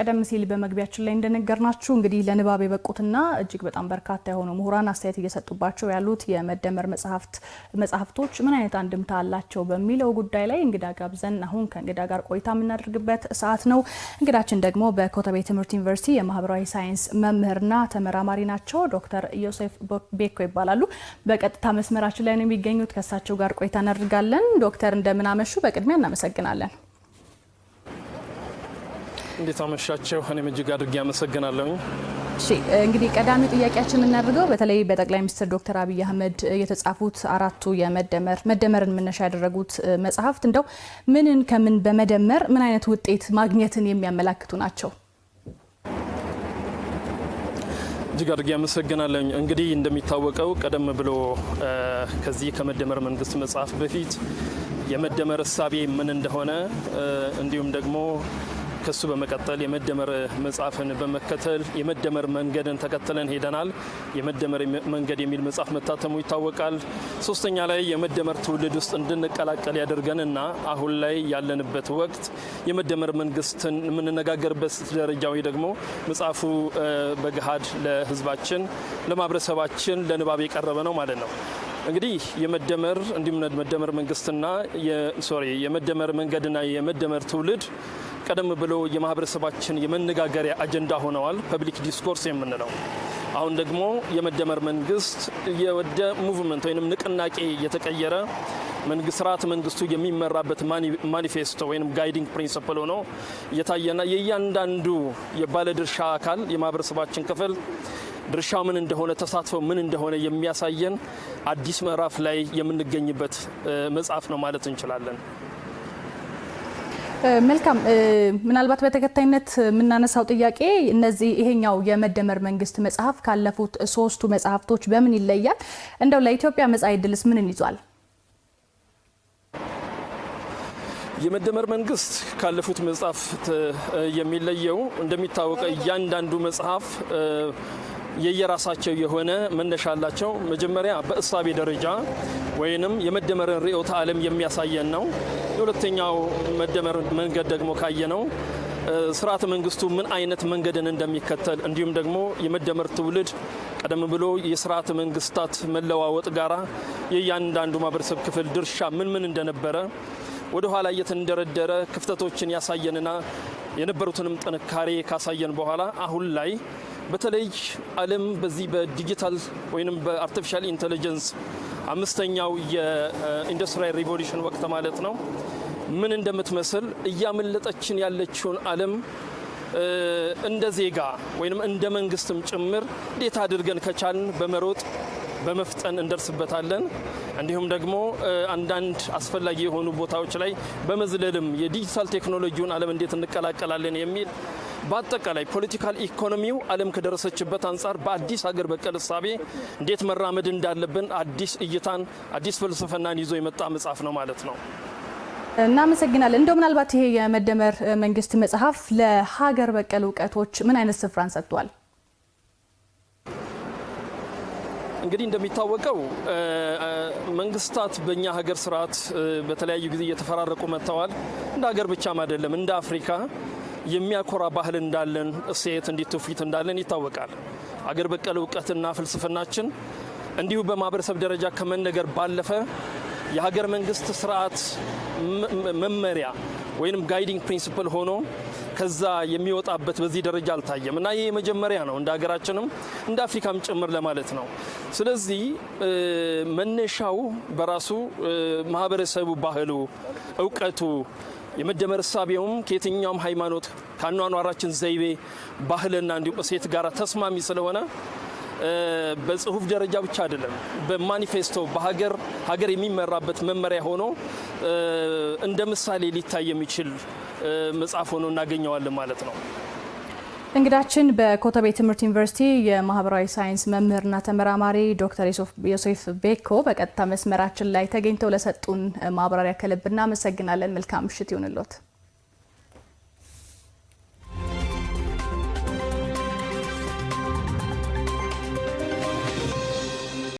ቀደም ሲል በመግቢያችን ላይ እንደነገርናችሁ እንግዲህ ለንባብ የበቁትና እጅግ በጣም በርካታ የሆኑ ምሁራን አስተያየት እየሰጡባቸው ያሉት የመደመር መጽሐፍት መጽሐፍቶች ምን አይነት አንድምታ አላቸው በሚለው ጉዳይ ላይ እንግዳ ጋብዘን አሁን ከእንግዳ ጋር ቆይታ የምናደርግበት ሰዓት ነው። እንግዳችን ደግሞ በኮተቤ ትምህርት ዩኒቨርሲቲ የማህበራዊ ሳይንስ መምህርና ተመራማሪ ናቸው። ዶክተር ዮሴፍ ቤኮ ይባላሉ። በቀጥታ መስመራችን ላይ ነው የሚገኙት። ከእሳቸው ጋር ቆይታ እናደርጋለን። ዶክተር እንደምናመሹ በቅድሚያ እናመሰግናለን። እንዴት አመሻቸው። እኔም እጅግ አድርጌ አመሰግናለሁኝ። እሺ እንግዲህ ቀዳሚ ጥያቄያችን የምናደርገው በተለይ በጠቅላይ ሚኒስትር ዶክተር አብይ አህመድ የተጻፉት አራቱ የመደመር መደመርን መነሻ ያደረጉት መጽሐፍት እንደው ምንን ከምን በመደመር ምን አይነት ውጤት ማግኘትን የሚያመላክቱ ናቸው? እጅግ አድርጌ አመሰግናለኝ። እንግዲህ እንደሚታወቀው ቀደም ብሎ ከዚህ ከመደመር መንግስት መጽሐፍ በፊት የመደመር እሳቤ ምን እንደሆነ እንዲሁም ደግሞ ከሱ በመቀጠል የመደመር መጽሐፍን በመከተል የመደመር መንገድን ተከትለን ሄደናል። የመደመር መንገድ የሚል መጽሐፍ መታተሙ ይታወቃል። ሶስተኛ ላይ የመደመር ትውልድ ውስጥ እንድንቀላቀል ያደርገን አሁን ላይ ያለንበት ወቅት የመደመር መንግስትን የምንነጋገርበት ደረጃ ወይ ደግሞ መጽሐፉ በገሃድ ለህዝባችን፣ ለማህበረሰባችን ለንባብ የቀረበ ነው ማለት ነው። እንግዲህ የመደመር እንዲሁም መደመር መንግስትና ሶሪ የመደመር መንገድና የመደመር ትውልድ ቀደም ብሎ የማህበረሰባችን የመነጋገሪያ አጀንዳ ሆነዋል፣ ፐብሊክ ዲስኮርስ የምንለው። አሁን ደግሞ የመደመር መንግስት የወደ ሙቭመንት ወይም ንቅናቄ የተቀየረ መንግስት ስርዓት መንግስቱ የሚመራበት ማኒፌስቶ ወይም ጋይዲንግ ፕሪንስፕል ሆኖ እየታየና የእያንዳንዱ የባለድርሻ አካል የማህበረሰባችን ክፍል ድርሻው ምን እንደሆነ ተሳትፎ ምን እንደሆነ የሚያሳየን አዲስ ምዕራፍ ላይ የምንገኝበት መጽሐፍ ነው ማለት እንችላለን። መልካም ምናልባት በተከታይነት የምናነሳው ጥያቄ እነዚህ ይሄኛው የመደመር መንግስት መጽሐፍ ካለፉት ሶስቱ መጽሐፍቶች በምን ይለያል? እንደው ለኢትዮጵያ መጻኢ ዕድልስ ምንን ይዟል? የመደመር መንግስት ካለፉት መጽሐፍት የሚለየው እንደሚታወቀው እያንዳንዱ መጽሐፍ የየራሳቸው የሆነ መነሻ አላቸው። መጀመሪያ በእሳቤ ደረጃ ወይንም የመደመርን ርዕዮተ ዓለም የሚያሳየን ነው። የሁለተኛው መደመር መንገድ ደግሞ ካየነው ስርዓተ መንግስቱ ምን አይነት መንገድን እንደሚከተል እንዲሁም ደግሞ የመደመር ትውልድ ቀደም ብሎ የስርዓተ መንግስታት መለዋወጥ ጋራ የእያንዳንዱ ማህበረሰብ ክፍል ድርሻ ምን ምን እንደነበረ ወደ ኋላ እየተንደረደረ ክፍተቶችን ያሳየንና የነበሩትንም ጥንካሬ ካሳየን በኋላ አሁን ላይ በተለይ ዓለም በዚህ በዲጂታል ወይም በአርቲፊሻል ኢንቴሊጀንስ አምስተኛው የኢንዱስትሪያል ሪቮሉሽን ወቅት ማለት ነው ምን እንደምትመስል እያመለጠችን ያለችውን ዓለም እንደ ዜጋ ወይም እንደ መንግስትም ጭምር እንዴት አድርገን ከቻልን በመሮጥ በመፍጠን እንደርስበታለን። እንዲሁም ደግሞ አንዳንድ አስፈላጊ የሆኑ ቦታዎች ላይ በመዝለልም የዲጂታል ቴክኖሎጂውን ዓለም እንዴት እንቀላቀላለን የሚል በአጠቃላይ ፖለቲካል ኢኮኖሚው ዓለም ከደረሰችበት አንጻር በአዲስ ሀገር በቀል እሳቤ እንዴት መራመድ እንዳለብን አዲስ እይታን አዲስ ፍልስፍናን ይዞ የመጣ መጽሐፍ ነው ማለት ነው። እናመሰግናለን። እንደው ምናልባት ይሄ የመደመር መንግስት መጽሐፍ ለሀገር በቀል እውቀቶች ምን አይነት ስፍራን ሰጥቷል? እንግዲህ እንደሚታወቀው መንግስታት በእኛ ሀገር ስርዓት በተለያዩ ጊዜ እየተፈራረቁ መጥተዋል። እንደ ሀገር ብቻም አይደለም እንደ አፍሪካ የሚያኮራ ባህል እንዳለን፣ እሴት እንዲ ትውፊት እንዳለን ይታወቃል። አገር በቀል እውቀትና ፍልስፍናችን እንዲሁ በማህበረሰብ ደረጃ ከመነገር ባለፈ የሀገር መንግስት ስርዓት መመሪያ ወይም ጋይዲንግ ፕሪንሲፕል ሆኖ ከዛ የሚወጣበት በዚህ ደረጃ አልታየም እና ይህ የመጀመሪያ ነው እንደ ሀገራችንም እንደ አፍሪካም ጭምር ለማለት ነው። ስለዚህ መነሻው በራሱ ማህበረሰቡ፣ ባህሉ፣ እውቀቱ የመደመር እሳቤውም ከየትኛውም ሃይማኖት ከአኗኗራችን ዘይቤ ባህልና እንዲሁ እሴት ጋር ተስማሚ ስለሆነ በጽሁፍ ደረጃ ብቻ አይደለም፣ በማኒፌስቶ በሀገር ሀገር የሚመራበት መመሪያ ሆኖ እንደ ምሳሌ ሊታይ የሚችል መጽሐፍ ሆኖ እናገኘዋለን ማለት ነው። እንግዳችን በኮተቤ ትምህርት ዩኒቨርሲቲ የማህበራዊ ሳይንስ መምህርና ተመራማሪ ዶክተር ዮሴፍ ቤኮ በቀጥታ መስመራችን ላይ ተገኝተው ለሰጡን ማብራሪያ ከልብ እናመሰግናለን። መልካም ምሽት ይሁንልዎት።